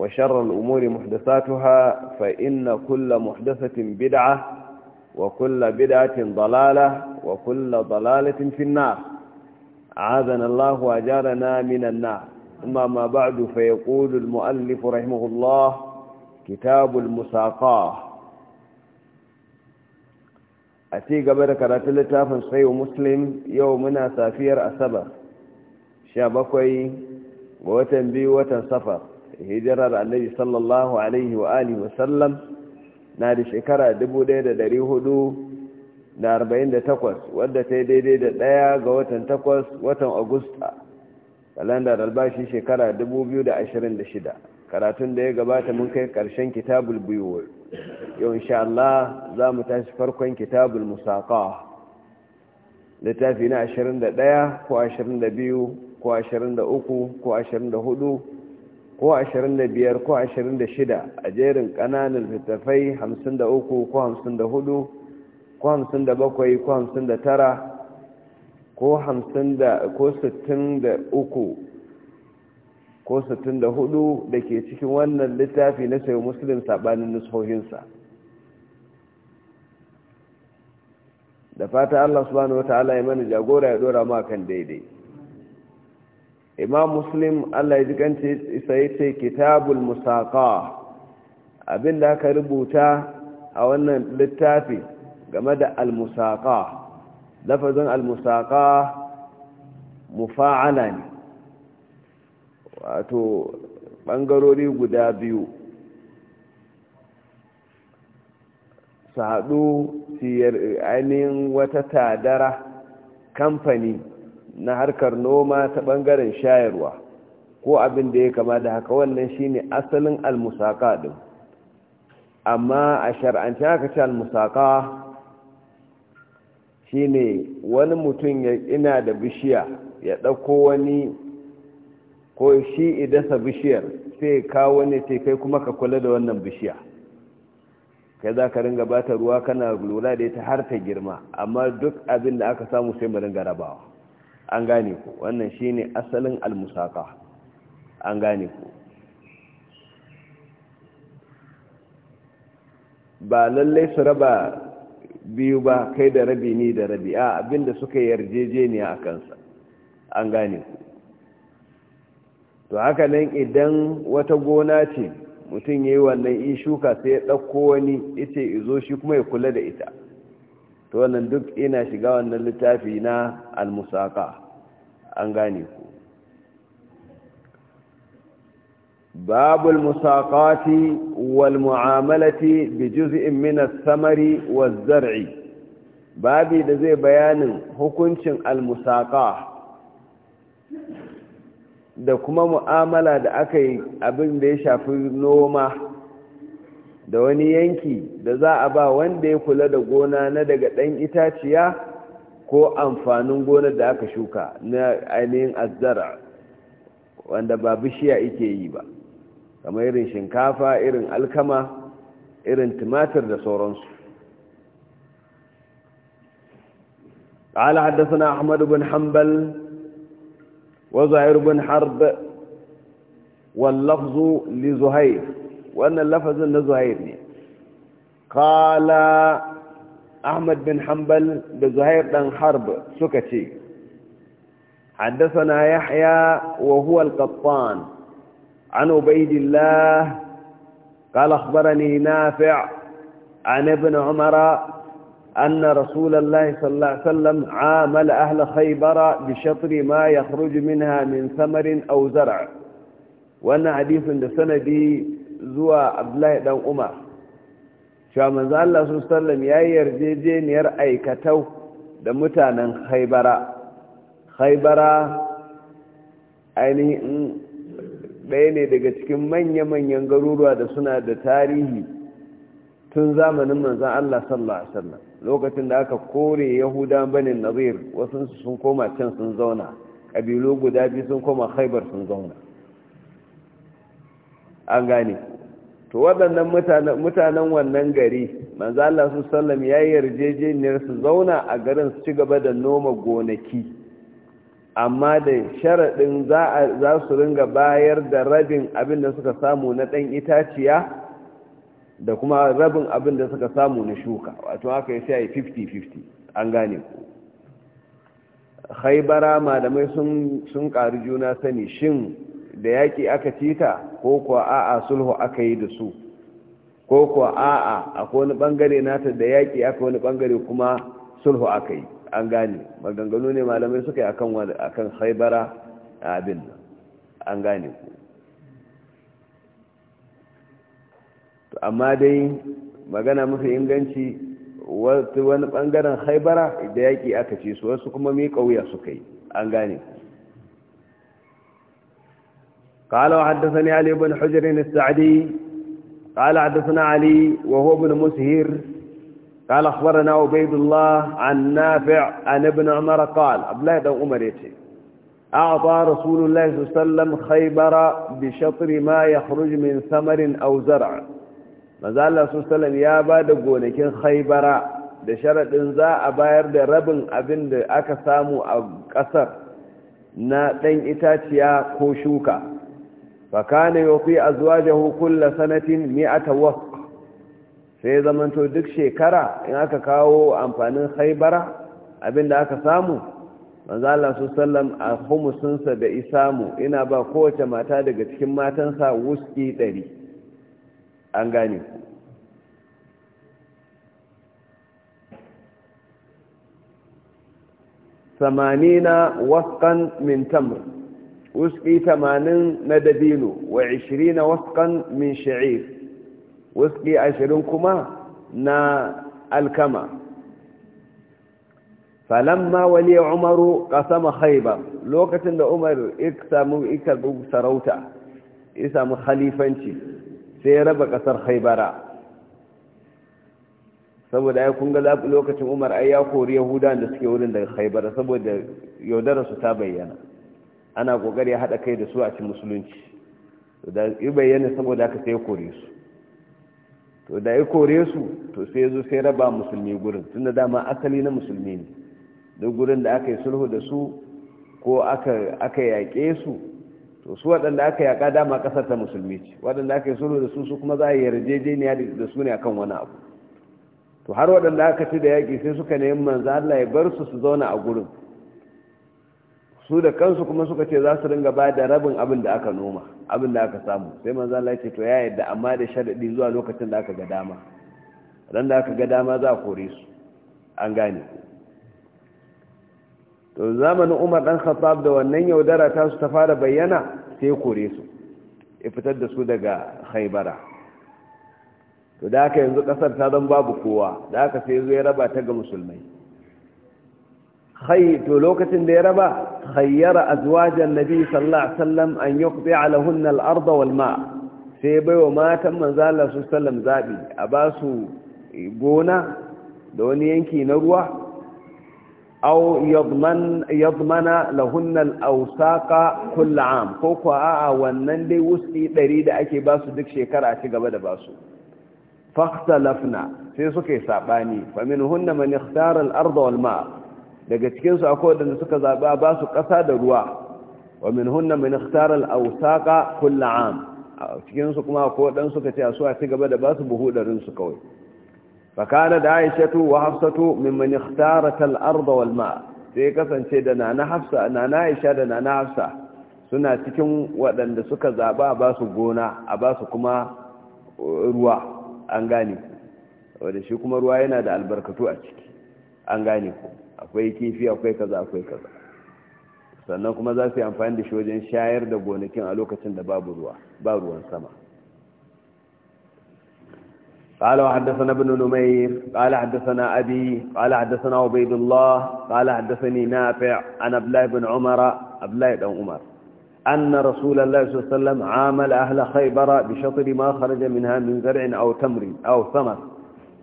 وشر الأمور محدثاتها فإن كل محدثة بدعة وكل بدعة ضلالة وكل ضلالة في النار عاذنا الله وأجارنا من النار ثم ما بعد فيقول المؤلف رحمه الله كتاب المساقاه أتي قبل كراتل التافن صحيح مسلم يومنا سافير أسبر شابكوي وتنبي وتنصفر hijirar annabi sallallahu alaihi wa alihi wasallam na da shekara 1448 wadda ta yi daidai da ɗaya ga watan takwas watan agusta kalandar albashi shekara 2026 karatun da ya gabata mun kai karshen kitabul buyuwar yau insha Allah za mu tashi farkon kitabul musaka littafi na 21 ko 22 ko 23 ko 24 ko 25 ko 26 a jerin ƙananan littattafai 53 ko 54 ko 57 ko 59 ko hamsin da ko sittin da uku ko sittin da hudu da ke cikin wannan littafi na sayo musulun saɓanin nusohinsa da fata allah subhanahu wa ta'ala ya mana jagora ya dora kan daidai imam muslim allah ya jikance isa ya ce kitabul musaka abin da aka rubuta a wannan littafi game da almusaka lafazin almusaka mufa'ala ne wato ɓangarori guda biyu su haɗu ainihin wata tadara kamfani na harkar noma ta bangaren shayarwa ko abin da ya kama da haka wannan shine asalin almusaka din amma a shar'anci aka ce almusaka shine wani mutum ya ina da bishiya ya ɗauko wani ko shi idasa bishiyar sai kawo wani ce kai kuma ka kula da wannan bishiya kai za ka ringa bata ruwa kana lura da ita har ta girma amma duk abin da aka samu sai mu ringa rabawa an gane ku wannan shine asalin almusaka an gane ku ba lallai su raba biyu ba kai da rabi ni da rabi a abinda suka yarjejeniya a kansa an gane ku to haka nan idan wata gona ce mutum ya yi wannan in shuka sai ya ɗauko wani ita izo shi kuma ya kula da ita to wannan duk ina shiga wannan littafi na almusaka an gane ku babul musaqati wal mu'amalati bi juz'in min ath-thamari waz-zar'i babi da zai bayanin hukuncin almusaƙa, da kuma mu'amala da aka yi abin da ya shafi noma da wani yanki da za a ba wanda ya kula da gona na daga ɗan itaciya ko amfanin gona da aka shuka na ainihin azzara wanda ba bishiya ike yi ba kamar irin shinkafa irin alkama irin tumatir da sauransu قال حدثنا أحمد بن حنبل وزهير بن حرب واللفظ لزهير وانا lafazin na قال احمد بن حنبل بزهير بن حرب سكتي حدثنا يحيى وهو القطان عن عبيد الله قال أخبرني نافع عن ابن عمر أن رسول الله صلى الله عليه وسلم عامل أهل خيبر بشطر ما يخرج منها من ثمر أو زرع وأن حديث سندي zuwa abdullahi dan umar cewa manzo Allah su sallam ya yi yarjejeniyar aikatau da mutanen haibara haibara ainihin ɗaya ne daga cikin manya-manyan garuruwa da suna da tarihi tun zamanin manzan Allah sallallahu Alaihi wasallam lokacin da aka kore yahuda banin nazir wasu sun koma can sun zauna ƙabilu guda biyu sun koma haibar sun zauna an gane to waɗannan mutanen wannan gari manzo Allah su sallam ya yarjejeniyar su zauna a garin su ci gaba da noma gonaki amma da sharaɗin za su ringa bayar da rabin abin da suka samu na ɗan itaciya da kuma rabin abin da suka samu na shuka wato haka ya sai 50-50 an gane ku haibara malamai sun karu juna sani shin da yaƙi aka cita, ko kuwa a'a sulhu aka yi da su ko kuwa a'a akwai wani ɓangare nata da yaƙi aka wani ɓangare kuma sulhu aka yi an gane maganganu ne malamai suka yi akan haibara abin an gane ku amma dai magana mafi inganci wani ɓangaren haibara da yaƙi aka ce su wasu kuma mai ƙauya suka yi an gane قال وحدثني علي بن حجر السعدي قال حدثنا علي وهو بن مسهر قال أخبرنا عبيد الله عن نافع عن ابن عمر قال أبلاه دو عمر أعطى رسول الله صلى الله عليه وسلم خيبر بشطر ما يخرج من ثمر أو زرع ما زال الله صلى الله عليه وسلم يا بعد قولك خيبر da sharaɗin za a bayar da أو abin da aka samu a fakane a zuwa kulla sanatin mi'ata wasq sai zamanto duk shekara in aka kawo amfanin haibara abinda aka samu manzo Allah sallam a humusinsa da isamu ina ba kowace mata daga cikin matansa wuski ɗari an gane ku samanina waskan min وسقي ثمانين ندبينو وعشرين وسقا من شعير وسقي عشرين كما نا الكما فلما ولي عمر قسم خيبا لوكة ان عمر اكسام اكسام سروتا اسام خليفانشي سيرب قصر خيبرا saboda ya kunga lokacin umar ai ya kori yahudan da suke wurin daga khaibar saboda yaudararsu ta bayyana ana kokari haɗa kai da su a cikin musulunci da yi bayyana saboda aka sai kore su to da ya kore su to sai zo sai raba musulmi gurin tun da dama asali na musulmi ne duk gurin da aka yi sulhu da su ko aka yaƙe su to su waɗanda aka yaƙa dama ƙasar ta musulmi ce waɗanda aka yi sulhu da su su kuma za a yi yarjejeniya da su ne akan wani abu to har waɗanda aka ci da yaƙi sai suka nemi manzo Allah ya bar su su zauna a gurin su da kansu kuma suka ce za su ringa ba da rabin abin da aka noma abin da aka samu sai manzo Allah ce to ya yadda amma da sharadi zuwa lokacin da aka ga dama ran da aka ga dama za a kore su an gane to zamanin Umar dan Khattab da wannan yaudara ta su ta fara bayyana sai kore su ya fitar da su daga Khaybara to da aka yanzu kasar ta zama babu kowa da aka sai zo ya raba ta ga musulmai to lokacin da ya raba khayyara azwajan nabi sallallahu alaihi wasallam an yuqdi alahunna al-ard wal ma sai baiwa matan manzo Allah sallallahu zabi a ba su gona da wani yanki na ruwa aw yadman yadmana lahunna al-awsaqa kull am ko ko a'a wannan dai wusti 100 da ake ba su duk shekara a ci gaba da ba su fakhtalafna sai suke saɓani. Fa faminhunna man ikhtara al-ard wal ma daga cikinsu akwai waɗanda suka zaɓi a ba su ƙasa da ruwa wa min hunna min ikhtar al-awsaqa kull am cikinsu kuma akwai waɗanda suka ce a su a ci gaba da ba su buhu su kawai fa kana da aishatu wa hafsatu man ikhtarat al-ard wal ma sai kasance da nana hafsa nana aisha da nana hafsa suna cikin waɗanda suka zaɓa a ba su gona a ba su kuma uh, ruwa an gane wanda shi kuma ruwa yana da albarkatu a ciki an gane ku akwai kifi akwai kaza akwai kaza sannan kuma za su yi amfani da shi wajen shayar da gonakin a lokacin da babu ruwa ba ruwan sama قال وحدثنا ابن نمير قال حدثنا أبي قال حدثنا عبيد الله قال حدثني نافع عن أبلاه بن عمر أبلاه بن عمر أن رسول الله صلى الله عليه وسلم عامل أهل خيبر بشطر ما خرج منها من زرع أو تمر أو ثمر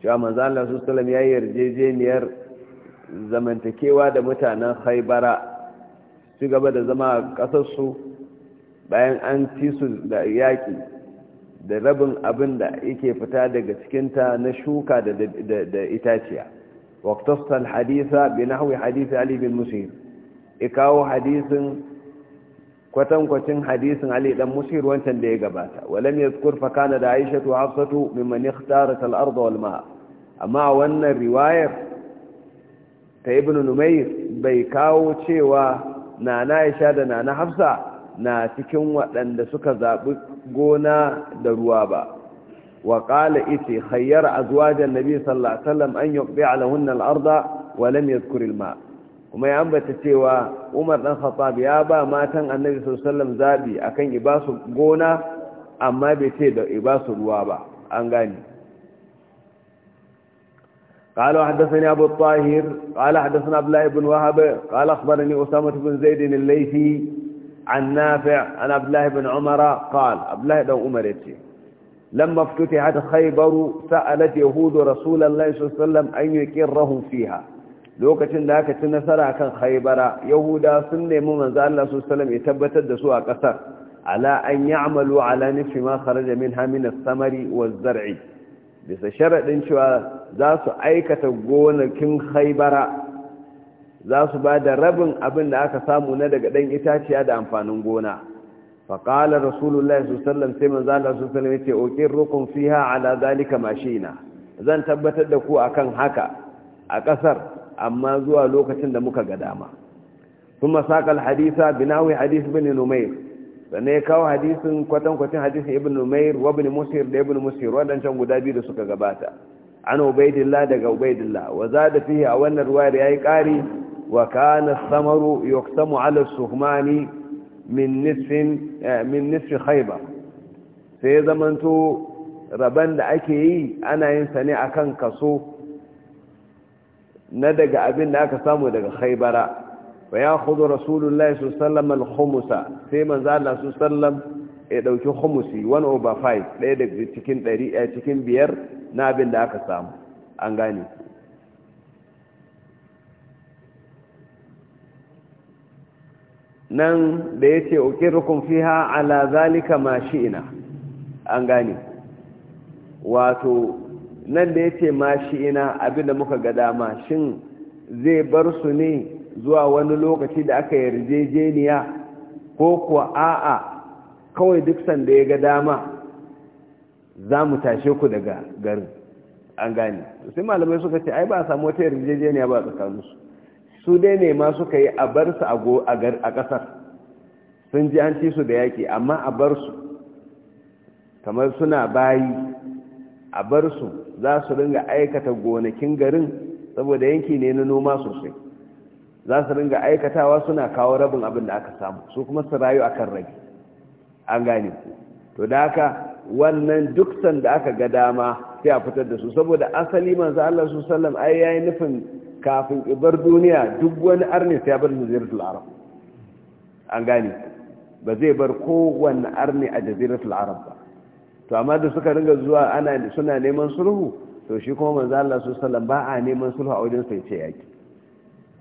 شو من زال الله صلى الله عليه وسلم يأير جيجين zamantakewa da mutanen haibara su gaba da zama a ƙasarsu bayan an ci su da yaƙi da rabin abin da yake fita daga cikinta na shuka da itaciya waktastal hadisa bi nahwi hadisa ali bin musir ikawo hadisun kwatankwacin hadisin ali dan musir wancan da ya gabata walam ya fa kana da aishatu hafsatu mimman ikhtarat al amma wannan riwayar ta ibn numair bai kawo cewa nana isha da nana hafsa na cikin waɗanda suka zaɓi gona da ruwa ba wa ƙala ita zuwa Jan nabi sallallahu alaihi wasallam an yuqbi alahunna arda wa lam ya al-ma kuma ya ambata cewa Umar ɗan Khattab ya ba matan Annabi sallallahu zaɓi zabi akan ibasu gona amma bai ce da ibasu ruwa ba an gani قال حدثني أبو الطاهر قال حدثنا الله بن وهب قال أخبرني أسامة بن زيد الليثي عن نافع عن عبد الله بن عمر قال عبد الله بن عمر لما افتتحت خيبر سألت يهود رسول الله صلى الله عليه وسلم أن يكرهم فيها لو كتن ذاك تنسر عن خيبر يهودا سنة ممن ذا الله صلى الله عليه وسلم يثبت الدسوء قصر على أن يعملوا على نفس ما خرج منها من الثمر والزرع bisa sharaɗin cewa za su aikata gonakin haibara za su ba da rabin abin da aka samu na daga ɗan itaciya da amfanin gona faƙalar rasulullah su sallam sai man zala su sallam yace oqir rukum fiha ala zalika mashina zan tabbatar da ku akan haka a ƙasar amma zuwa lokacin da muka ga dama kuma saqal hadisa binawi hadis bin numair sannan ya kawo hadisin kwatankwacin hadisin ibn numair wa musir da ibn musir waɗancan guda biyu da suka gabata an ubaidillah daga ubaidillah wa da fihi a wannan ruwayar yi ƙari wa kana samaru yuqsamu ala suhmani min nisfin eh, haiba sai ya zamanto raban da ake yi ana yin sa ne kan kaso na daga abin da aka samu daga haibara. wa ya khudu rasulullahi sallallahu alaihi khumsa sai manzo Allah sallallahu ya dauki khumsi 1 over 5 daya daga cikin 100 eh, cikin biyar na abin da aka samu an gane nan da ya ce ukirukun fiha ala zalika ma shi'ina an gane wato nan da ya ce ma shi'ina abinda muka ga dama shin zai bar su ne zuwa wani lokaci da aka yarjejeniya ko kuwa a'a kawai duk sanda ya ga dama za mu tashe ku daga garin an gane sai malamai suka ce ai ba a samu wata yarjejeniya ba tsakaninsu su dai ne ma suka yi a bar su a ƙasar sun ji an ci su da yaki amma a bar su kamar suna bayi a bar su za su ringa aikata gonakin garin saboda yanki ne na noma sosai za su ringa aikatawa suna kawo rabin abin da aka samu su kuma su rayu a kan rabi an gane ku to da haka wannan duk sanda aka ga dama sai a fitar da su saboda asali manzo Allah su sallam ai yayi nufin kafin ibar duniya duk wani arni sai bar jaziratul arab an gane ba zai bar kowanne arni a jaziratul arab ba to amma da suka ringa zuwa ana suna neman sulhu to shi kuma manzo Allah su sallam ba a neman sulhu a wajen sai ce yaki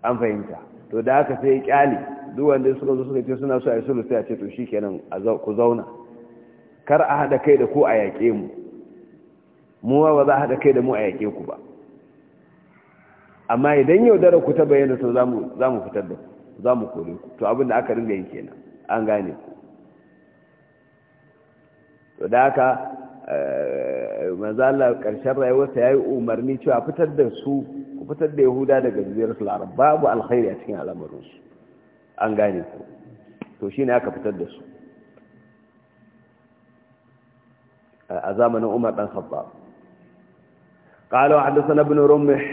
an fahimta to da aka sai kyali kyale duk wanda suka zo suka ce suna so a yi sulhu sai a ce to shikenan ku zauna kar a haɗa kai da ku a yaƙe mu mu ba za a haɗa kai da mu a yaƙe ku ba amma idan yau yaudara ku ta bayyana to za mu fitar da ku za mu kore ku to abin da aka ringa yin kenan an gane ku to da haka eh, manzala karshen rayuwarsa ya yi umarni cewa fitar da su ku fitar da yahuda daga jaziratul arab babu alkhairi a cikin al'amarinsu an gane ku to shine aka fitar da su a zamanin umar dan khattab قال وحدثنا ابن رمح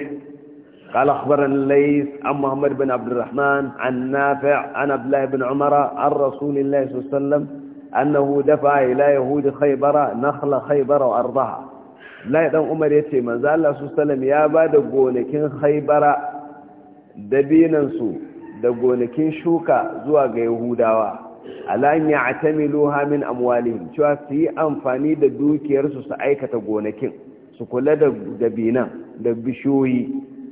قال أخبرنا الليث عن محمد بن عبد الرحمن عن نافع عن عبد الله بن عمر عن رسول الله صلى الله عليه وسلم أنه دفع إلى يهود خيبر نخل خيبر وأرضها lai dan umar ya ce manzo Allah su sallam ya ba da gonakin haibara dabinansu da gonakin shuka zuwa ga yahudawa alan ya atamilu min amwalihim cewa su yi amfani da dukiyarsu su aikata gonakin su kula da dabinan da bishoyi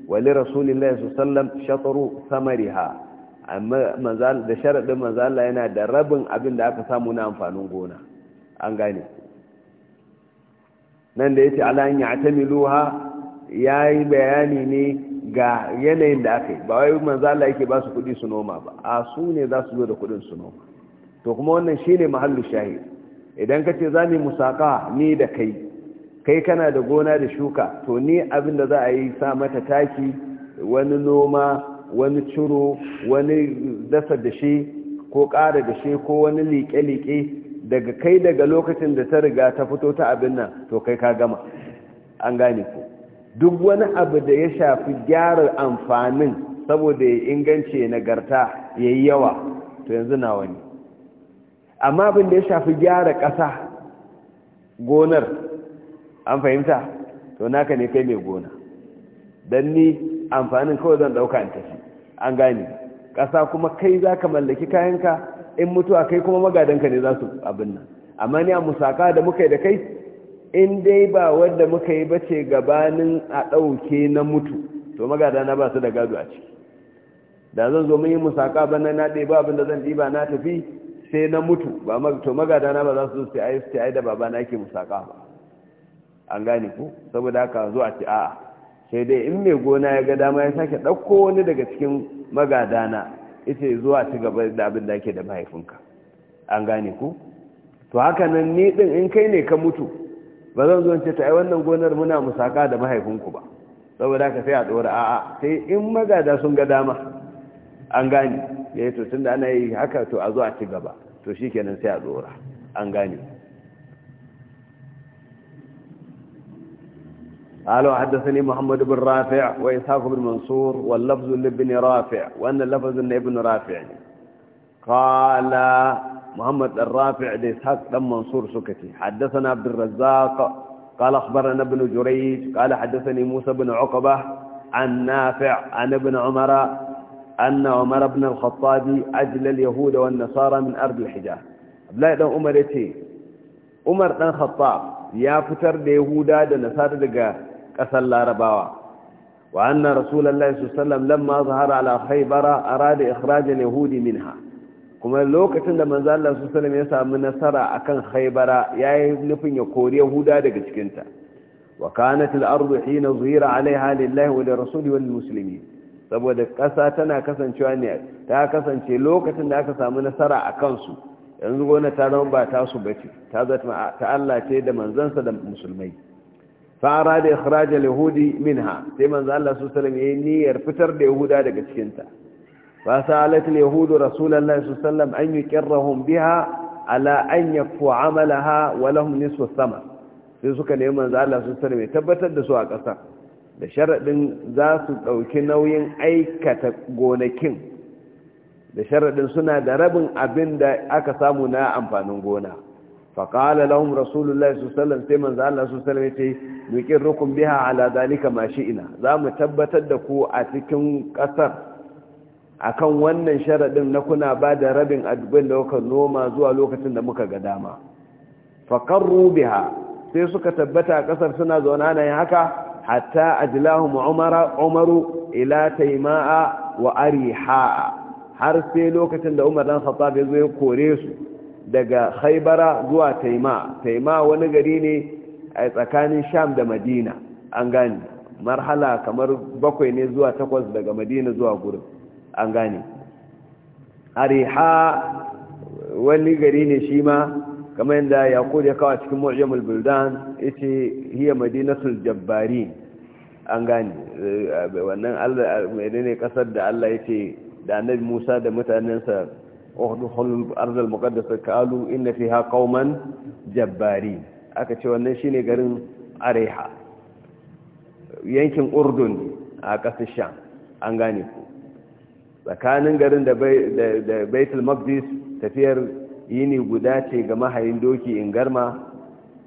wali rasulillahi sallam shatru samariha da sharaɗin manzo Allah yana da rabin abin da aka samu na amfanin gona an gane nan da ya ce ala ya ta miluha ya yi bayani ne ga yanayin da aka yi ba wai manzo Allah yake ba su kuɗi su noma ba a su ne za su zo da kuɗin su noma to kuma wannan shine mahallu shahi idan ka ce za ni musaka ni da kai kai kana da gona da shuka to ni abin da za a yi sa mata taki wani noma wani ciro wani dasa da shi ko ƙara da shi ko wani liƙe-liƙe daga kai daga lokacin da ta riga ta fito ta abin nan to kai ka gama an gane ku duk wani abu da ya shafi gyara amfanin saboda ya ingance nagarta ya yi yawa to yanzu na wani amma abin da ya shafi gyara ƙasa gonar an fahimta to naka ne kai mai gona don ni amfanin kawai zan ɗauka an tafi an gane ƙasa kuma kai za ka mallaki kayanka in mutuwa kai kuma magadanka ne za su abin nan amma ni a musaka da muka yi da kai in dai ba wanda muka yi bace gabanin a ɗauke na mutu to magadana ba su da gado a ciki da zan zo mun yi musaka nan na ba abin da zan ɗiba na tafi sai na mutu ba to magadana ba za su sai ai sai ai da babana ake musaka ba an gane ku. saboda haka zo a ci a'a sai dai in mai gona ya ga dama ya sake ɗauko wani daga cikin magadana ita zuwa ci gaba da abin da ake da mahaifinka an gane ku to haka nan ni din in kai ne ka mutu ba zan zo ce ta ai wannan gonar muna musaka da mahaifinku ba saboda haka sai a dora a'a sai in magada sun ga dama an gane yayi to tunda ana yi haka to a zo a ci gaba to shikenan sai a dora an gane قالوا حدثني محمد بن رافع وإسحاق بن منصور واللفظ لابن رافع وأن اللفظ لابن رافع قال محمد الرافع لإسحاق بن منصور سكتي حدثنا عبد الرزاق قال أخبرنا ابن جريج قال حدثني موسى بن عقبة عن نافع عن ابن عمر أن عمر بن الخطاب أجل اليهود والنصارى من أرض الحجاز أبلاء دون أمر يتي أمر بن الخطاب يا فتر da yahuda da ƙasar larabawa wa anna rasulullahi sallam lamma zahara ala haibara, arada ikhraj al-yahudi minha kuma lokacin da manzo Allah sallam ya samu nasara a kan haibara, yayi nufin ya kori yahuda daga cikin ta wa kanat al-ardu hina zuhira alaiha lillahi wa lirrasuli wal saboda ƙasa tana kasancewa ne ta kasance lokacin da aka samu nasara a kansu yanzu gona ta ba ta su bace ta zata ta Allah ce da manzansa da musulmai fara da ikhraj al-yahudi minha sai manzo Allah su sallam yayin niyyar fitar da yahuda daga cikin ta fa sa'alat al-yahud rasulullahi sallam an yuqirrahum biha ala an yafu amalaha wa lahum nisfu sama sai suka neman manzo Allah su sallam ya tabbatar da su a ƙasa da sharadin za su dauki nauyin aikata gonakin da sharadin suna da rabin abin da aka samu na amfanin gona faƙala lahum rasulullahi sallallahu sai manzo Allah sallallahu ce nuqirrukum biha ala zalika ma shi'ina za mu tabbatar da ku a cikin ƙasar akan wannan sharaɗin na kuna ba da rabin adubin da kuka noma zuwa lokacin da muka ga dama faƙarru biha sai suka tabbata a ƙasar suna zauna da yin haka hatta ajlahum umara umaru ila taima'a wa ariha har sai lokacin da umar dan khattab ya zo ya kore su daga haibara zuwa taima taima wani gari ne a tsakanin sham da madina an gane marhala kamar bakwai ne zuwa takwas daga madina zuwa gurin an gane ariha wani gari ne shi ma kamar yadda yakud ya kawo cikin mu'jamul buldan ita hiya madinatul jabbari, an gane eh, wannan Allah ne kasar da Allah yace da annabi Musa da mutanensa udkhulul ardal muqaddasa قالوا inna فيها قوما jabbari aka ce wannan shine garin areha yankin urdun a kasar sham an gane ku tsakanin garin da baitul maqdis tafiyar yini guda ce ga mahayin doki in garma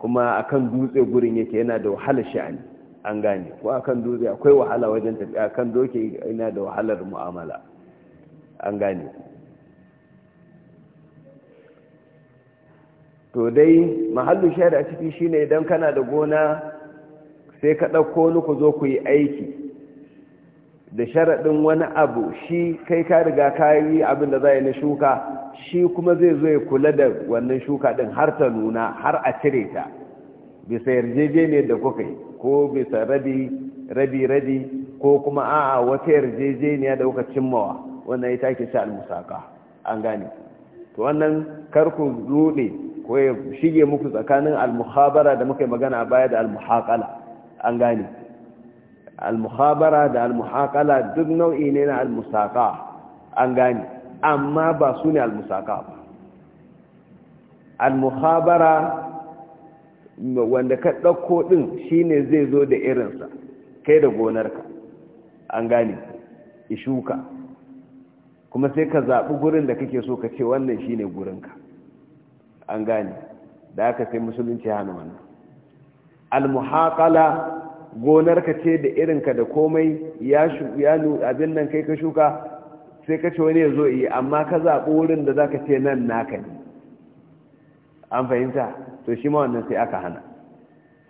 kuma akan dutse gurin yake yana da wahalar sha'ani an gane ko akan dutse akwai wahala wajen tafiya akan doki yana da wahalar mu'amala an gane ku to dai mahallin shari'a a ciki shine idan kana da gona sai ka ɗauko ni ku zo ku yi aiki da sharaɗin wani abu shi kai ka riga ka yi abin da za yi na shuka shi kuma zai zo ya kula da wannan shuka ɗin har ta nuna har a cire ta bisa yarjejeniyar da kuka yi ko bisa rabi rabi ko kuma a'a wata yarjejeniya da kuka cimmawa wannan ita ke sha al-musaka an gane to wannan karku rude ko ya shige muku tsakanin al-muhabara da muka magana a baya da al-muhaqala an gane al-muhabara da al-muhaqala duk nau'i ne na al-musaqa an gane amma ba su ne al-musaqa ba al-muhabara wanda ka ɗauko ɗin shine zai zo da irinsa kai da gonarka an gane ishuka kuma sai ka zaɓi gurin da kake so ka ce wannan shine gurinka an gane da aka sai musulunci hana wannan gonar gonarka ce da irinka da komai ya abin nan kai ka shuka sai ka ce wani ya zo iya amma ka zaɓi wurin da za ka ce nan naka ne an fahimta to shi ma wannan sai aka hana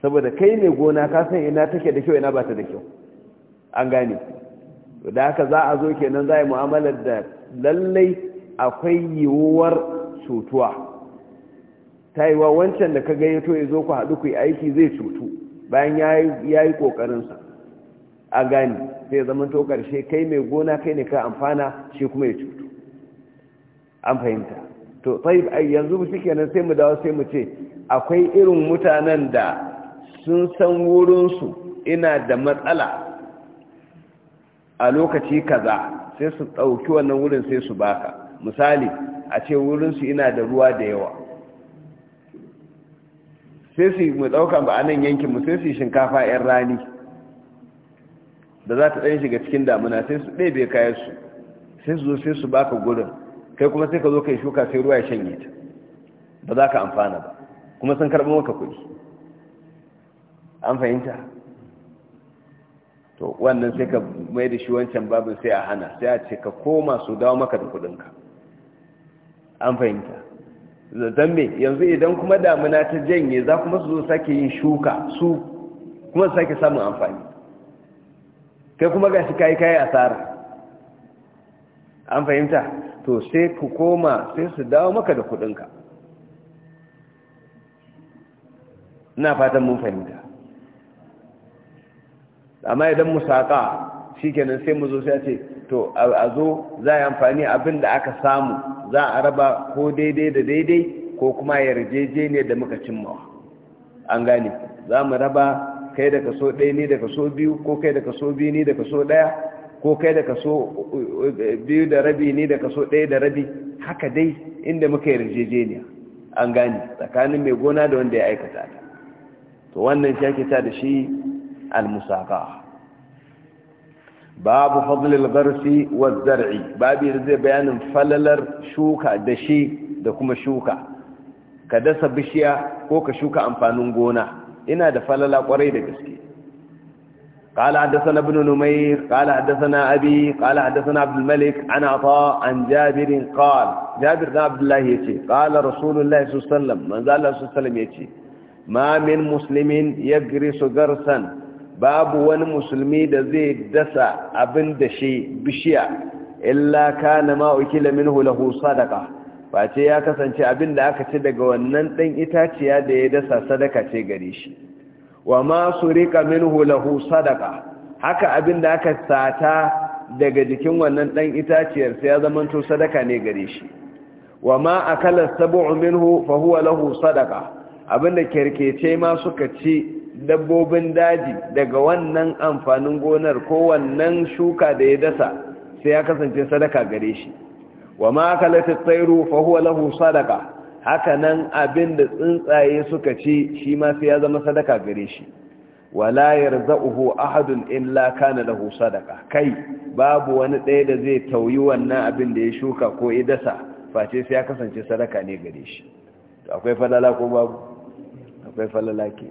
saboda kai ne gona ka san ina take da kyau ina ba ta da kyau an gane da haka za a zo kenan za a yi mu'amalar da lallai akwai yiwuwar cutuwa ta yi wa wancan da ka gayyato ya zo ku haɗu ku yi aiki zai cutu bayan ya yi ƙoƙarinsa a gani sai zama to ƙarshe kai mai gona kai ne ka amfana shi kuma ya cutu an fahimta to yanzu shi kenan sai mu dawo sai mu ce akwai irin mutanen da sun san wurinsu ina da matsala a lokaci kaza sai su ɗauki wannan wurin sai su baka misali a ce wurinsu ina da ruwa da yawa sai su mu dauka ba a nan yankin mu sai su yi shinkafa 'yan rani da za ta ɗan shiga cikin damuna sai su ɗebe kayansu sai su zo sai su baka gurin kai kuma sai ka zo kai shuka sai ruwa ya shanye ta ba za ka amfana ba kuma sun karɓi maka kuɗi an fahimta to wannan sai ka mai da shi wancan babin sai a hana sai a ce ka koma su dawo maka da kuɗinka an fahimta zambe me yanzu idan kuma damuna ta janye za kuma su zo sake yin shuka su kuma su sake samun amfani kai kuma ga shi kayi kayi asara an fahimta to sai ku koma sai su dawo maka da kudinka ina fatan mun fahimta amma idan musaka shikenan sai mu zo sai a ce to a zo za a yi amfani abin da aka samu za a raba ko daidai da daidai ko kuma yarjejeniya da muka cimmawa an gane za mu raba kai da kaso ɗaya ne da kaso biyu ko kai da kaso biyu ne da kaso ɗaya ko kai da kaso biyu da rabi ne da kaso ɗaya da rabi haka dai inda muka yarjejeniya an gane tsakanin mai gona da wanda ya aikata ta to wannan shi ake ta da shi al-musaqa babu fadlil garsi wa zar'i babu da zai bayanin falalar shuka da shi da kuma shuka ka dasa bishiya ko ka shuka amfanin gona ina da falala kwarai da gaske قال حدثنا ابن نمير قال حدثنا أبي قال حدثنا عبد الملك عن عطاء عن جابر قال جابر بن عبد الله يتي قال رسول الله صلى الله عليه وسلم من ذا الله صلى الله عليه وسلم يتي ما من مسلم يجرس جرسا babu wani musulmi da zai dasa abin da shi bishiya illa kana ma ukila minhu lahu sadaqa face ya kasance abin da aka ci daga wannan dan itaciya da ya dasa sadaka ce gare shi wa ma surika minhu lahu sadaqa haka abin da aka sata daga jikin wannan dan itaciyar sai ya zama to sadaka ne gare shi wa ma akala sab'u minhu fa huwa lahu sadaqa abinda kirkece ma suka ci dabbobin daji daga wannan amfanin gonar ko wannan shuka da ya dasa sai ya kasance sadaka gare shi wa ma kalatit tsairu fa huwa lahu sadaka haka nan abin da tsuntsaye suka ci shi ma sai ya zama sadaka gare shi wala yarzuhu ahadun illa kana lahu sadaka kai babu wani ɗaya da zai tauyi wannan abin da ya shuka ko ya dasa face sai ya kasance sadaka ne gare shi akwai falala ko babu akwai falala ke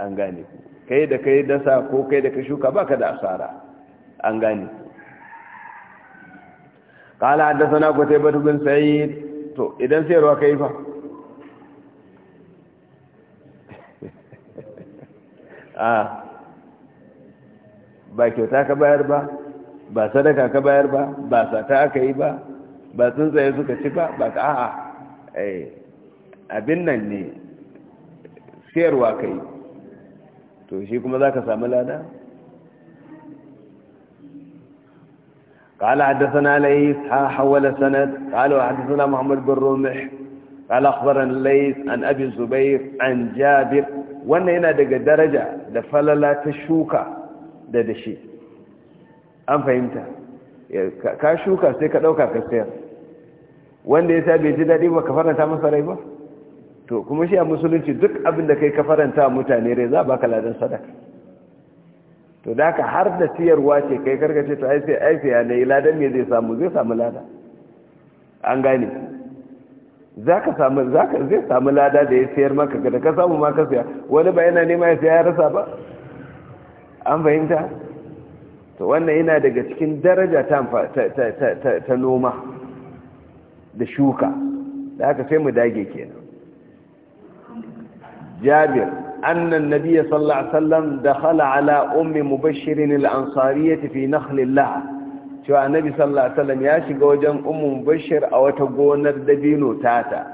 an gane kai da kai dasa ko kai da kai shuka baka da asara an gane ku qala hadathana qutaybah bin sa'id to idan sai ruwa kai fa ah ba kyauta ka bayar ba ba sadaka ka bayar ba ba sata aka yi ba ba tsuntsaye suka ci ba ba ka a'a eh, abin nan ne sayarwa kai to kuma za ka sami lada? ƙala haddasa na lai ta hawala sanat ƙala haddasa na muhammadu bin romir ƙala ƙwarar lai an abin zubai an jabir wannan yana daga daraja da falala ta shuka da dashe an fahimta ka shuka sai ka ɗauka ka sayar wanda ya sa bai ji daɗi ba ka faranta masa rai ba? to kuma shi a musulunci duk abin da kai ka faranta mutane rai za baka ladan sadaka to da ka har da siyarwa ce kai karkace to ai sai ai sai yi ladan me zai samu zai samu lada an gane zaka samu zaka zai samu lada da ya siyar maka da ka samu ma ka siya wani ba yana nema ya siya ya rasa ba an fahimta to wannan yana daga cikin daraja ta noma da shuka da haka sai mu dage kenan جابر أن النبي صلى الله عليه وسلم دخل على أم مبشر الأنصارية في نخل الله شو النبي صلى الله عليه وسلم ياشي قوجان أم مبشر أو تقول الدبين تاتا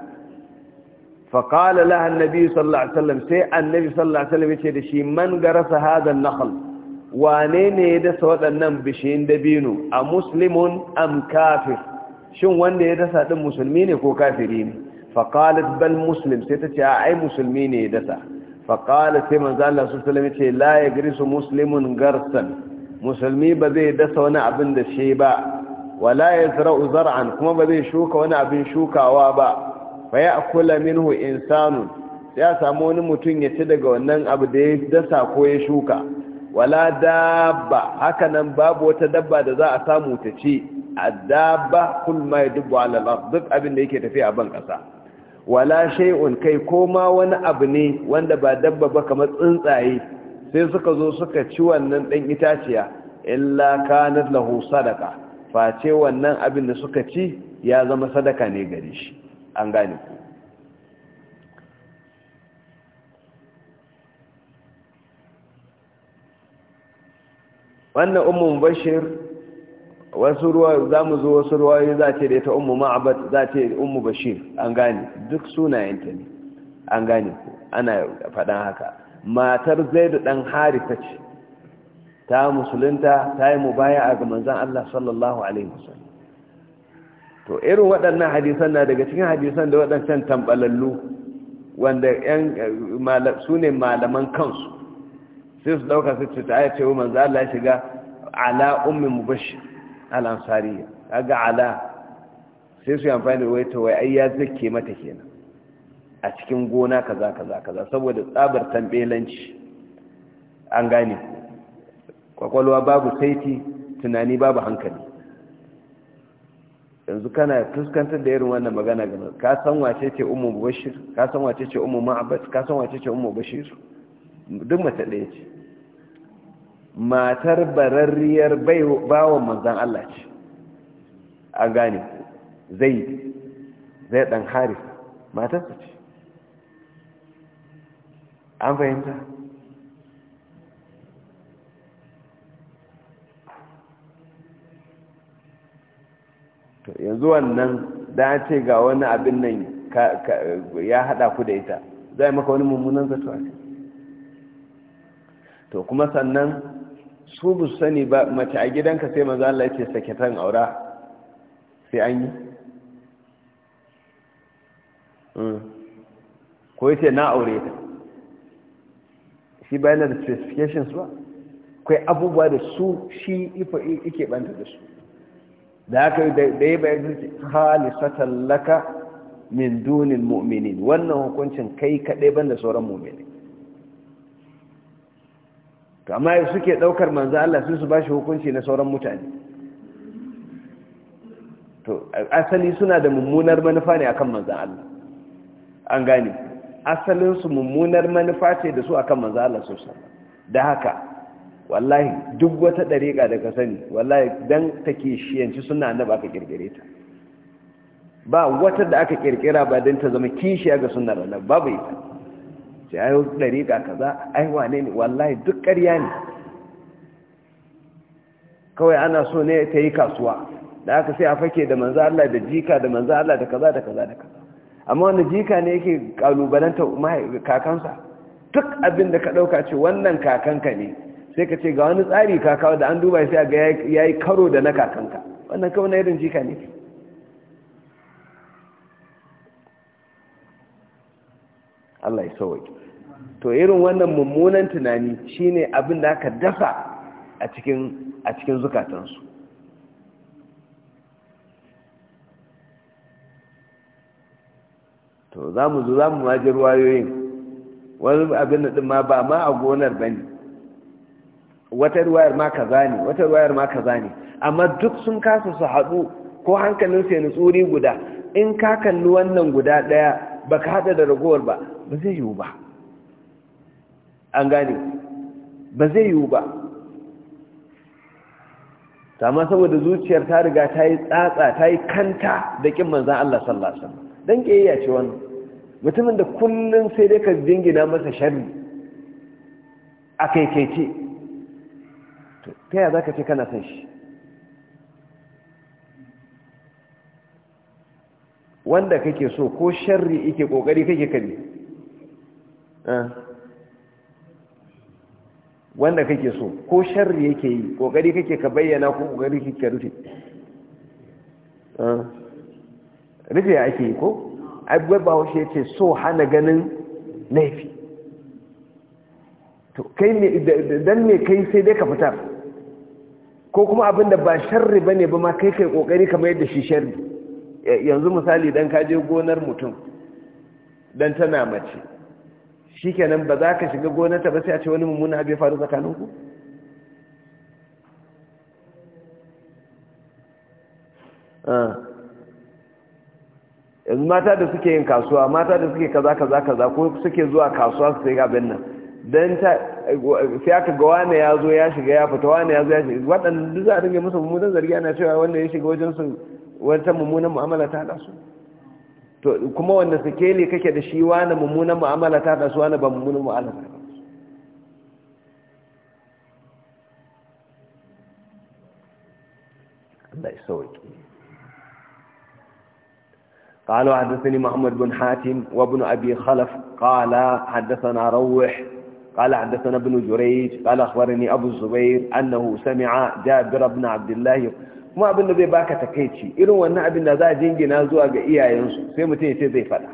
فقال لها النبي صلى الله عليه وسلم سيء النبي صلى الله عليه وسلم يشهد شي من قرس هذا النخل وانين يدس ودنم بشين دبينو أمسلم أم كافر شو وان يدس هذا المسلمين يكون كافرين faƙalat bal muslim sai ta ce a ai musulmi ne ya dasa faƙalat sai manzo Allah su salami ce la ya su Musulmin garsan musulmi ba zai dasa wani abin da shi ba wala ya zira zar'an kuma ba zai shuka wani abin shukawa ba fa ya akula minhu Sai a samu wani mutum ya ci daga wannan abu da ya dasa ko ya shuka wala dabba hakanan babu wata dabba da za a samu ta ci a kulma ya dubu ala duk abin da yake tafiya a ban ƙasa wala shay'un kai koma wani abu ne wanda ba dabba ba kamar tsuntsaye sai suka zo suka ci wannan dan itaciya illa kanat lahu sadaqa face wannan abin da suka ci ya zama sadaka ne gare shi an gane ku wannan ummu bashir wasu ruwa za mu zo wasu ruwa yi za ce da ta umu ma'abat za ce umu bashir an gane duk sunayenta ne an gane ku ana faɗan haka matar zai da ɗan harita ce ta musulunta ta yi mubaya ga manzan Allah sallallahu alaihi wasallam to irin waɗannan hadisan na daga cikin hadisan da waɗancan tambalallu wanda su ne malaman kansu sai su ɗauka su ce ta ayace wa manzan Allah shiga ala ummi mubashir al'ansariya ga ala sai su yi amfani da waita wai ai ya zake mata kenan a cikin gona kaza kaza kaza saboda tsabar tambelanci an gane kwakwalwa babu saiti tunani babu hankali yanzu kana fuskantar da irin wannan magana gana ka san wace ce umu bashir ka san wace ce umu ma'abbas ka san wace ce umu bashir duk mace ɗaya ce matar bararriyar bawon manzan Allah ce a gane zai zai ɗan matar su ce an fahimta yanzu wannan da ce ga wani abin nan ya haɗa ku da ita zai maka wani mummunan zato to kuma sannan su bu sani ba mace a gidanka sai maza Allah sake tan aura sai an yi hmm. ko yace na aure ta shi bayan da specifications ba kai abubuwa da su shi ifa yake banta da su da haka da ya bayar zuci halisatan laka min dunin mu'minin wannan hukuncin kai kaɗai ban da sauran mu'minin to amma suke daukar manzo Allah sun su bashi hukunci na sauran mutane to asali suna da mummunar manufa ne akan manzo Allah an gane asalin su mummunar manufa ce da su akan manzo Allah sallallahu da haka wallahi duk wata dariƙa daga sani wallahi dan take shiyanci suna annabi ka kirkire ta ba wata da aka kirkira ba dan ta zama kishiya ga sunnar annabi babu ita Sai ayo dariƙa kaza ai wane ne wallahi duk ƙarya ne kawai ana so ne ta yi kasuwa da aka sai a fake da manzo Allah da jika da manzo Allah da kaza da kaza da kaza amma wani jika ne yake kalubalanta kakansa duk abin da ka dauka ce wannan kakanka ne sai ka ce ga wani tsari kakawa da an duba sai ga yayi karo da na kakanka wannan kawai na irin jika ne Allah ya sauke to irin wannan mummunan tunani shine abin da aka dafa a cikin a cikin zukatansu to za mu zo za mu maji ruwayoyin wani abin da ma ba ma a gonar ba ne wata ruwayar ma za ne wata ruwayar ma za ne amma duk sun kasa su haɗu ko hankalin sai na tsuri guda in ka kalli wannan guda ɗaya ba ka haɗa da ragowar ba ba zai yiwu ba an gane ba zai yiwu ba amma saboda zuciyar ta riga ta yi tsatsa ta yi kanta da ƙin manzan Allah sallallahu alaihi ke ƙiyayya ce wannan mutumin da kullum sai dai ka jingina masa sharri a kaikaice ta yaya za ka ce kana san shi wanda kake so ko sharri ike ƙoƙari kake kabi ah. wanda kake so ko sharri yake yi kokari kake ka bayyana ko kokari kake ka rufe rufe ya ake yi ko abubuwa ba wasu ce so hana ganin laifi to kai ne dan ne kai sai dai ka fitar ko kuma abin da ba sharri ba ne ba ma kai kai kokari mayar yadda shi sharri yanzu misali dan ka je gonar mutum dan tana mace shikenan ba za ka shiga gonarta ba sai a ce wani mummuna abu ya faru tsakaninku ah. yanzu mata da suke yin kasuwa mata da suke kaza kaza kaza ko suke zuwa kasuwa su sai abin nan don ta sai aka ga wane ya zo ya shiga ya fita wane ya zo ya shiga waɗanda duk za a dinga musu mummunan zargi ana cewa wanda ya shiga wajen su wata mummunan mu'amala ta haɗa su kuma wanda suke ne kake da shi wani mummunan mu'amala ta da su wani ba mummunan mu'amala ta Allah ya sauki قالوا حدثني محمد بن حاتم وابن أبي خلف قال حدثنا روح قال حدثنا ابن جريج قال أخبرني أبو الزبير أنه سمع جابر بن عبد الله kuma abin da zai baka takaici irin wannan abin da za a jingina zuwa ga iyayensu sai mutum ya ce zai fada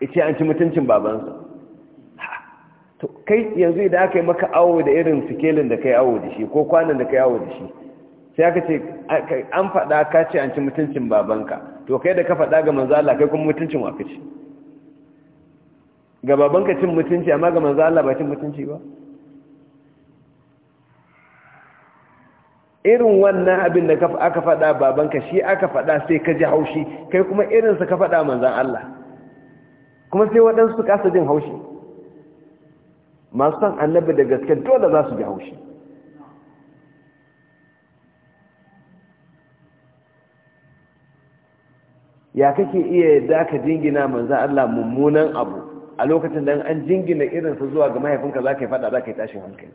ita an ci mutuncin babansa to kai yanzu idan aka yi maka awo da irin sikelin da kai awo da shi ko kwanan da kai awo da shi sai aka ce an fada ka ce an ci mutuncin babanka to kai da ka fada ga manzo Allah kai kuma mutuncin wa kace ga babanka cin mutunci amma ga manzo Allah ba cin mutunci ba irin wannan abin da aka faɗa babanka shi aka faɗa sai ka ji haushi kai kuma irinsa ka faɗa manzan Allah kuma sai waɗansu kasa jin haushi masu son annabi da gaske dole za su ji haushi ya kake iya yadda ka jingina manzan Allah mummunan abu a lokacin da an jingina irinsa zuwa ga mahaifinka za ka yi faɗa za ka yi tashin hankali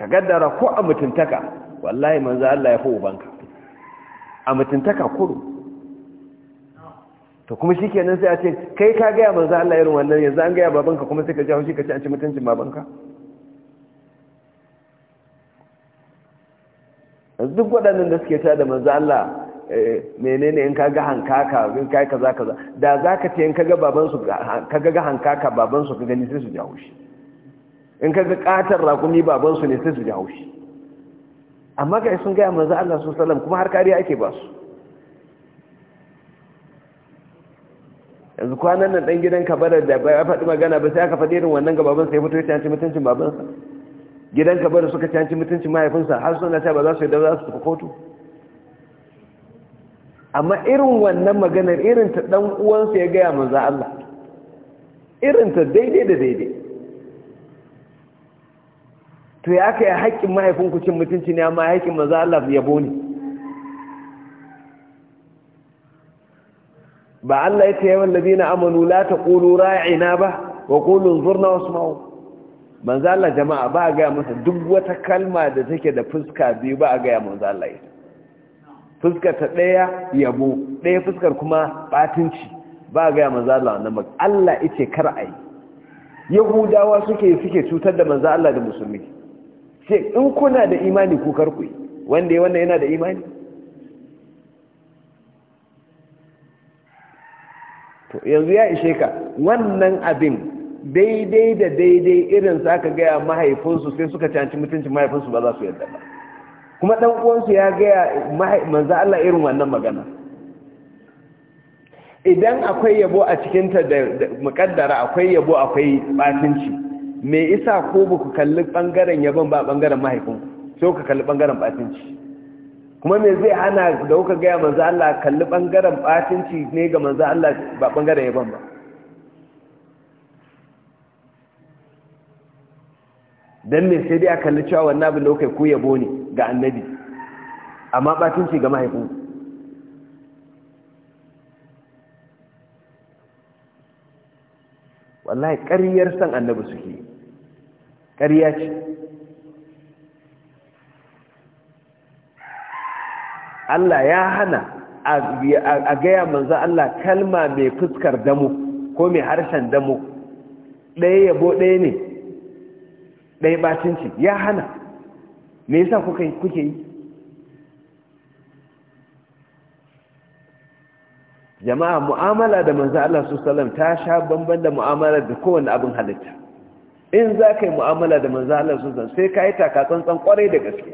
ka gaddara ko a mutuntaka wallahi manzo Allah ya fi ubanka a mutuntaka kuro to kuma shikenan sai a ce kai ka ga manzo Allah irin wannan yanzu an ga babanka kuma sai ka ji haushi ka ci an ci mutuncin babanka duk waɗannan da suke ta da manzo Allah eh, menene in kaga hankaka in kai kaza kaza da zaka ce in kaga baban su kaga hankaka baban su ka gani sai su ji haushi in kaga katar rakumi babansu ne sai su ji haushi amma kai sun gaya manzo Allah su sallam kuma har kariya ake ba su yanzu kwanan nan dan gidan bar da ya faɗi magana ba sai aka faɗi irin wannan ga babansa ya fito ya tanci mutuncin babansa gidan kabarar suka tanci mutuncin mahaifinsa har suna ta ba za su yi da za su tafi kotu amma irin wannan maganar irin ta ɗan uwansa ya gaya manzo Allah irin ta daidai da daidai to ya kai haƙƙin mahaifinku cin mutunci ne amma haƙƙin maza Allah yabo ne ba Allah ya tsaye wallazi na amanu la ta ƙulu ra'ina ba wa ƙulun zurna wasu ma'u manzo Allah jama'a ba a gaya masa duk wata kalma da take da fuska biyu ba a gaya manzo Allah ya fuskar ta ɗaya yabo ɗaya fuskar kuma batunci ba a gaya manzo Allah wannan Allah ya ce kar a yi yahudawa suke suke cutar da manzo Allah da musulmi ce in kuna da imani ku karku wanda ya yana da imani to yanzu ya ishe ka wannan abin daidai da daidai irin sa aka gaya mahaifinsu sai suka canci mutuncin mahaifinsu ba za su yarda ba kuma dan uwansu ya gaya manzo Allah irin wannan magana idan akwai yabo a cikinta da mukaddara akwai yabo akwai batinci me isa ko buku kalli ɓangaren yaban ba ɓangaren mahaifinku sai ka kalli ɓangaren batinci kuma me zai hana da kuka gaya manzo Allah kalli ɓangaren batinci ne ga manzo Allah ba bangaren yaban ba don me sai dai a kalli cewa wannan abin da kuka ku yabo ne ga annabi amma batinci ga mahaifinku wallahi ƙaryar san annabi suke ƙarya ce Allah ya hana a gaya manzo Allah kalma mai fuskar damu ko mai harshen damu ɗaya yabo ɗaya ne ɗaya bacinci ya hana me yasa kuke yi jama'a mu'amala da manzo Allah sallallahu ta sha bamban da mu'amala da kowanne abin halitta in za ka yi mu'amala da manzo Allah sallallahu sai ka yi takatsantsan kwarai da gaske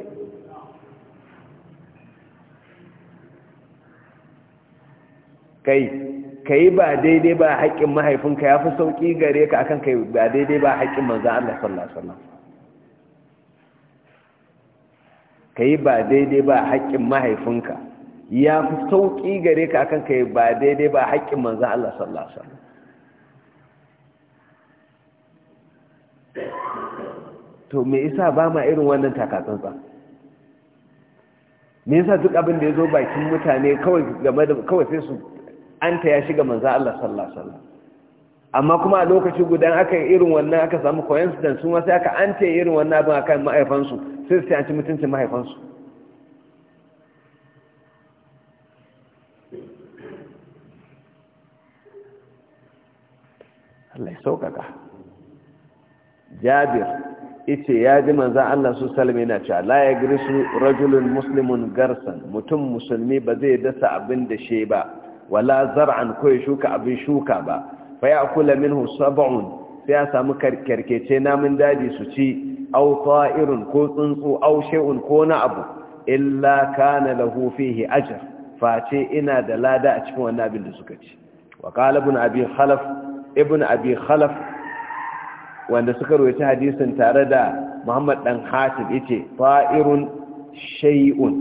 kai kai ba daidai ba haƙƙin mahaifinka ya fi sauƙi gare ka akan kai ba daidai ba haƙƙin manzo Allah sallallahu alaihi wasallam kai ba daidai ba haƙƙin mahaifinka ya fi sauƙi gare ka akan kai ba daidai ba haƙƙin manzan Allah sallallahu alaihi to me isa ba ma irin wannan takatsantsa me yasa duk abin da ya zo bakin mutane kawai game da kawai sai su an ta ya shiga manzan Allah sallallahu alaihi amma kuma a lokaci gudan aka irin wannan aka samu coincidence sun wasu aka an ta irin wannan abin akan mahaifansu sai su ci an ci mutuncin mahaifansu Allah ya sauƙaƙa jabir ice ya ji manzan Allah su salmi na cewa la ya su rajulun muslimun garsan mutum musulmi ba zai dasa abin da she ba wala zar'an ko ya shuka abin shuka ba fa ya kula minhu sab'un sai ya samu karkarkece namun daji su ci au ta'irin ko tsuntsu au shay'un ko na abu illa kana lahu fihi ajr face ina da lada a cikin wannan abin da suka ci wa qala ibn ibn abi khalaf wanda suka rawaita hadisin tare da muhammad dan hatib yace fa'irun shay'un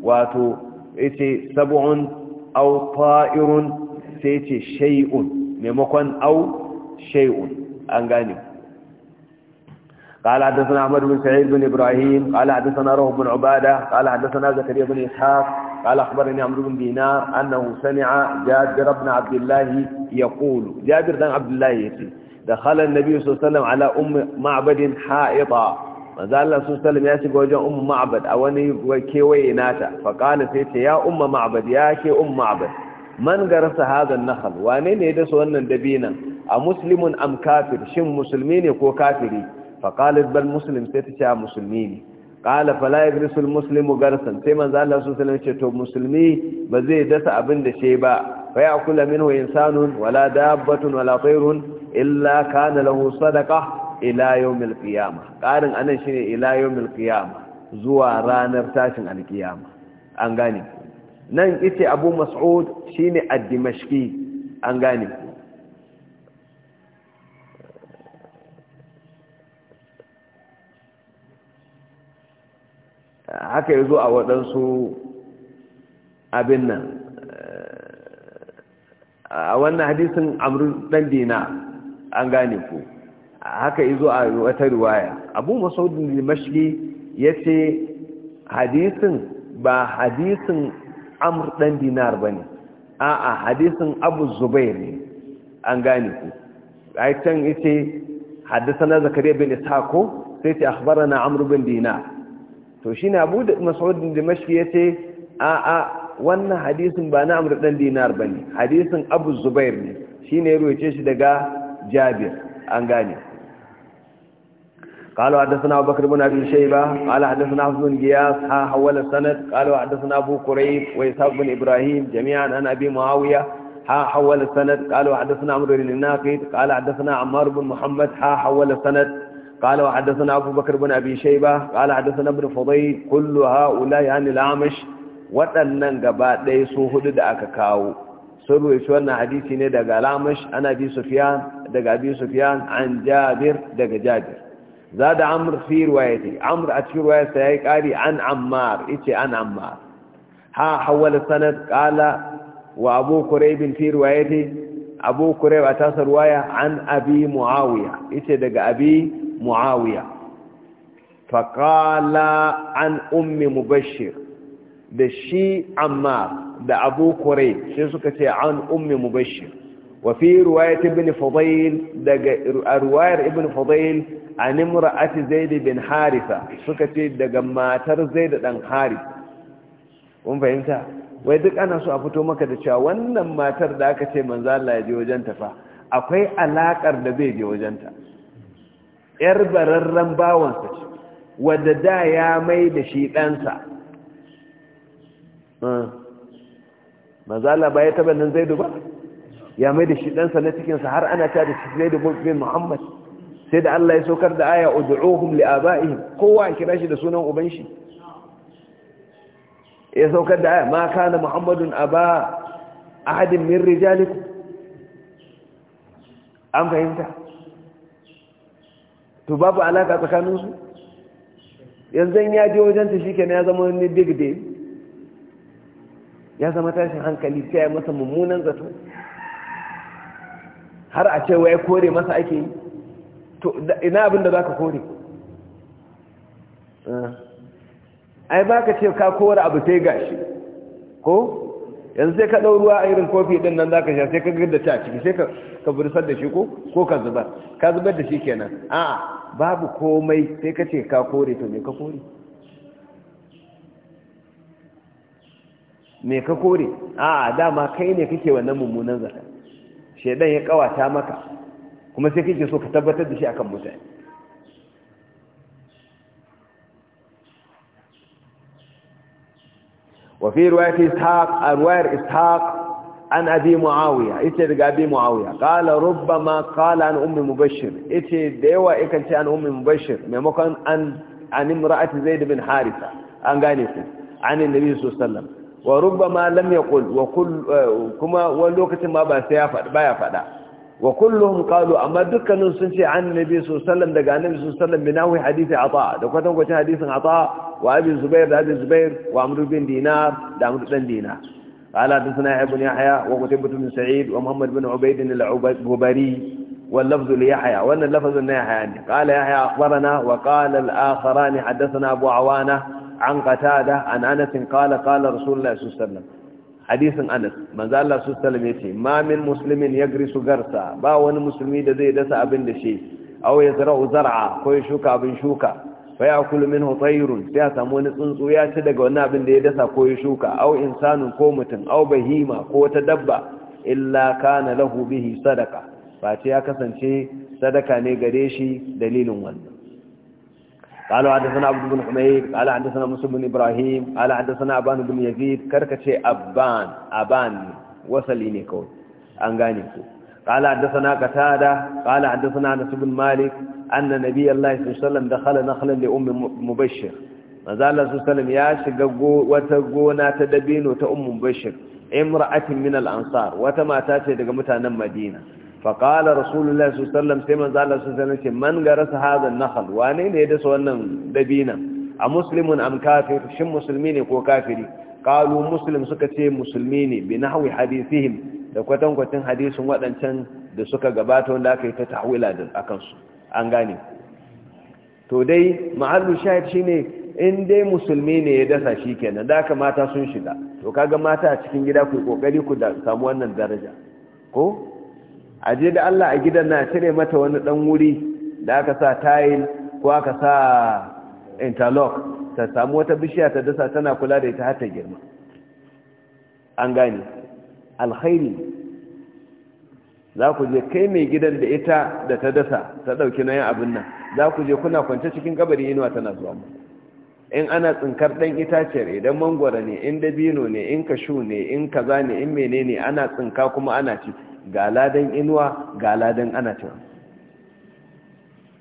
wato yace sab'un aw fa'irun sai yace shay'un maimakon aw shay'un an gane قال حدثنا أحمد بن سعيد بن إبراهيم قال حدثنا روح بن عبادة قال حدثنا زكريا بن قال أخبرني عمرو بن دينار أنه سمع جابر بن عبد الله يقول جابر بن عبد الله يقول دخل النبي صلى الله عليه وسلم على أم معبد حائطة ما زال الله صلى الله عليه وسلم يأتي وجه أم معبد أو أني وكيوي ناتا فقال سيدي يا أم معبد يا شي أم معبد man garasa hadan nahal wane ne ya dasa wannan dabinan a muslimun am kafir shin musulmi ne ko kafiri faqalat bal muslim sai ta ce musulmi ne qala fala yadrisu almuslimu garsan sai manzo Allah sallallahu alaihi wasallam ce to musulmi ba zai dasa abin da shi ba fa kula minhu insanun wala dabbatun wala tayrun illa kana lahu sadaqa ila yawmil qiyamah qarin anan shine ila yawmil zuwa ranar tashin alkiyama an gane nan yace Abu Mas'ud shine ad-Dimashqi an gane haka ya zo a waɗansu abin nan eh, a wannan hadisin amru dan dina an gane ku haka ya zo a wata riwaya abu masaudin limashki ya ce hadisin ba hadisin amur dan dinar ba ne a hadisin abu zubair ne an gane ku aitan yi ce haddasa na zakariya bin isako sai ce akhbarana amru bin dinar to shi na abu da mas'udin dimashki ya ce a a wannan hadisun ba na amur ɗan dinar ba ne hadisun abu zubair ne shi ne ruwace shi daga jabir an gane قالوا حدثنا ابو بكر بن ابي شيبه قال حدثنا حفظ بن غياث ها حول السند قالوا حدثنا ابو قريب وإسحاق بن ابراهيم جميعا عن ابي معاويه ها حول السند قالوا حدثنا عمرو بن الناقد قال حدثنا عمار بن محمد ها حول السند قال وحدثنا أبو بكر بن أبي شيبة قال حدثنا ابن فضيل كل هؤلاء عن العامش waɗannan gaba ɗaya su hudu da aka kawo sun ruwaci wannan hadisi ne daga alamish an abi sufiyan daga abi sufiyan an jabir daga jabir za da amur fi ruwayati amur a cikin ruwayarsa ya yi ƙari an ammar ice an ammar ha hawal sanad ƙala wa abu kuraibin fi ruwayati abu a tasar waya an abi muawiya ice daga abi muawiya faƙala an ummi mubashir da shi amma da abu kure sai suka ce an ummi mubashir wafi ruwayat ibn fadayl daga ati ibn fadayl harisa suka ce daga matar zaid dan harisa kun fahimta wai duk ana so a fito maka da cewa wannan matar da aka ce manzo Allah ya je wajenta fa akwai alaƙar da zai je wajenta ‘yar bararren bawansa ce wadda da ya mai da shi ɗansa hmm. mazala ba ya taba nan zaidu ba ya mai da shi ɗansa na cikinsa har ana ta da shi zaidu bin muhammad sai da allah ya saukar da aya udu'uhum li'aba'ihim kowa a kira shi da sunan uban shi ya saukar da aya ma kana muhammadun aba ahadin min rijalikum an fahimta to babu alaka tsakaninsu yanzu ya je wajen ta shi kenan ya zama wani big day ya zama tashin hankali ta yi masa mummunan zato har a cewa ya kore masa ake yi to ina abinda za ka kore ah. ai ba ka ce ka kore abu yi gashi ko yanzu sai ka ɗau ruwa a irin kofi ɗin nan za ka sha sai ka gida ta ciki sai ka bursar da shi ko ko ka zubar ka zubar da shi kenan a'a babu komai sai ka ce ka kore to me ka kore me ka kore a'a dama kai ne kake wannan mummunan zaka shedan ya kawata maka kuma sai kake so ka tabbatar da shi akan mutane وفي رواية إسحاق رواية إسحاق عن أبي معاوية إيتي دقى أبي معاوية قال ربما قال عن أم مبشر إيتي ديوة إيكالتي عن أم مبشر ممكن عن, عن امرأة زيد بن حارثة عن قانيكم عن النبي صلى الله عليه وسلم وربما لم يقل وكل كما ولوكة ما بسيافة بايا فدا wa kulluhum kalu amma dukkanin sun ce an nabi sallallahu daga annabi sallallahu binawi hadisi ata da kwatan kwatan hadisin ata wa abin zubair da abi zubair wa amr bin dinar da amr dan dinar قال حدثنا ابن يحيى وقتيبة بن سعيد ومحمد بن عبيد العبري واللفظ ليحيى وان اللفظ ليحيى يعني قال hadisin anas manzo Allah su sallame yace ma min muslimin yagrisu garsa ba wani musulmi da zai dasa abin da shi aw yazra'u zar'a ko ya shuka abin shuka fa yakulu minhu tayrun sai ya samu wani tsuntsu ya ci daga wani abin da ya dasa ko ya shuka aw insanu ko mutum aw bahima ko wata dabba illa kana lahu bihi sadaqa ce ya kasance sadaka ne gare shi dalilin wannan قالوا حدثنا عبد بن حميد قال حدثنا مسلم بن إبراهيم قال حدثنا أبان بن يزيد كركشي أبان أبان وصليني كون أنغانيكو قال حدثنا قتادة قال حدثنا أنس بن مالك أن نبي الله صلى الله عليه وسلم دخل نخلا لأم مبشر ما زال الله صلى الله عليه وسلم ياشق وتقونا تدبين وتأم مبشر امرأة من الأنصار وتما تاتي دقمتها نم مدينة faƙalar rasulullah su sallam sai manzo sallam ce man garasa hazan nahal wane ne ya dasa wannan dabinan a muslimun am kafir shin musulmi ne ko kafiri qalu muslim suka ce musulmi ne bi nahwi hadisihim da kwatankwatin hadisin waɗancan da suka gabata wanda aka yi ta tahwila da akan su an gane to dai ma'allu shahid shine in dai musulmi ne ya dasa shi kenan da aka mata sun shiga to kaga mata a cikin gida ku kokari ku da samu wannan daraja ko je da Allah a gidan na cire mata wani dan wuri da aka sa tile ko aka sa interlock ta samu wata bishiya ta dasa tana kula da ita har ta girma an gane alkhairi za ku je kai mai gidan da ita da ta dasa ta dauki nayin abin nan za ku je kuna kwance cikin kabari inuwa tana zuwa mu in ana tsinkar dan itaciyar idan mangwara ne in dabino ne in kashu ne in kaza ne in menene ana tsinka kuma ana ci ga ladan inuwa ga ladan ana cewa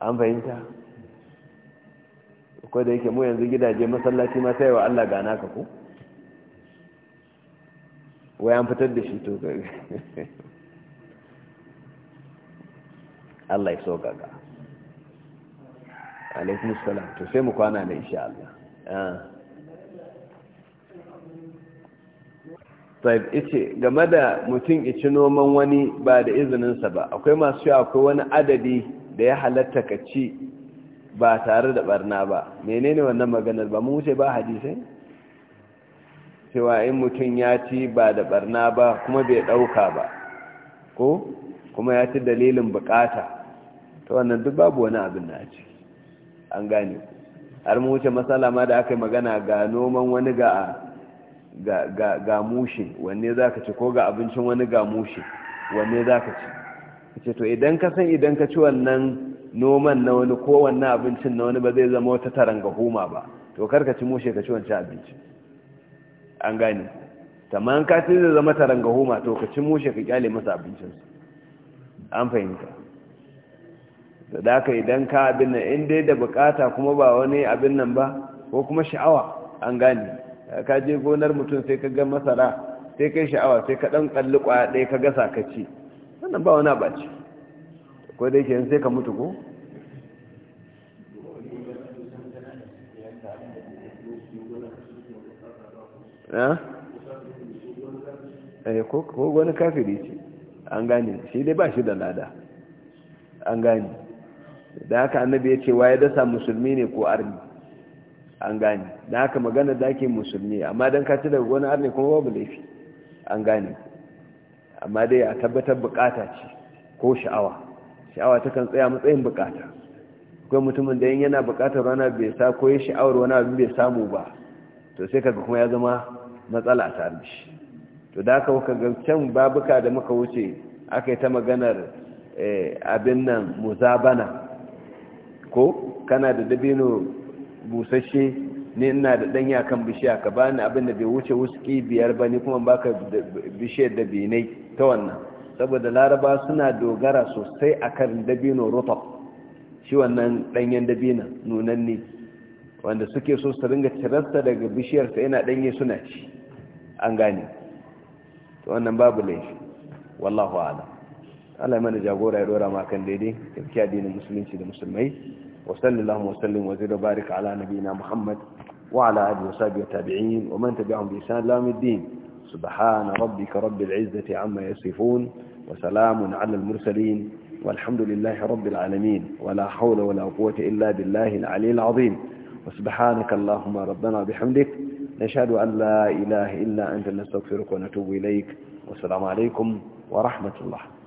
an fahimta ko da yake mu yanzu gidaje masallaci ma sai wa Allah ga naka ku wai an fitar da shi to Allah ya so gaga alaikum salam to sai mu kwana da insha Allah ah. taib ice game da mutum ci noman wani ba da izininsa ba akwai masu yawa akwai wani adadi da ya halatta ka ci ba tare da barna ba menene wannan maganar ba mu ce ba hadisi cewa in mutum ya ci ba da barna ba kuma bai dauka ba ko kuma ya ci dalilin bukata ta wannan duk babu wani abin da ci an gane har mu ce matsala ma da akai yi magana ga noman wani ga ga mushe wanne za ka ci ko ga abincin wani ga mushe wanne za ka ci ce to idan ka san idan ka ci wannan noman na wani ko wannan abincin na wani ba zai zama wata taron ga huma ba to kar ka ci mushe ka ci wancan abinci an gane tamman ka ci zai zama taron ga huma to ka ci mushe ka kyale masa abincin an fahimta da haka idan ka abin nan in dai da bukata kuma ba wani abin nan ba ko kuma sha'awa an gane ka je gonar mutum sai ka ga masara sai kai sha'awa sai ka ɗan ƙalli kwaya ɗaya ka gasa ka ci wannan ba wani abaci ko dai ke sai ka mutu eh, ko ko wani kafiri ce an gane shi dai ba shi da lada an gane da haka annabi ya ce wa ya dasa musulmi ne ko armi. an gane da haka magana da ake musulmi amma don ka ci daga wani arni kuma babu laifi an gane amma dai a tabbatar bukata ce ko sha'awa sha'awa ta kan tsaya matsayin bukata akwai mutumin da yin yana bukatar rana bai sa ko ya sha'awar wani abu bai samu ba to sai kaga kuma ya zama matsala a tare shi to da haka kuka ga babuka da muka wuce aka yi ta maganar eh, abin nan muzabana ko kana da dabino busasshe ne ina da danya kan bishiya ka bani abin da bai wuce wuski biyar ba ni kuma baka bishiyar da benai ta wannan saboda laraba suna dogara sosai a kan dabino rotof shi wannan danyen dabina nunanne wanda suke so su ringa cirarsa daga bishiyar ta yana ɗan'ye suna ci an gane ta wannan babu laifi wallahu ala Allah ya mana jagora ya dora ma daidai gaskiya dinin musulunci da musulmai وصل اللهم وسلم وزد وبارك على نبينا محمد وعلى آله وصحبه التابعين ومن تبعهم بإحسان لام الدين سبحان ربك رب العزة عما يصفون وسلام على المرسلين والحمد لله رب العالمين ولا حول ولا قوة إلا بالله العلي العظيم وسبحانك اللهم ربنا بحمدك نشهد أن لا إله إلا أنت نستغفرك ونتوب إليك والسلام عليكم ورحمة الله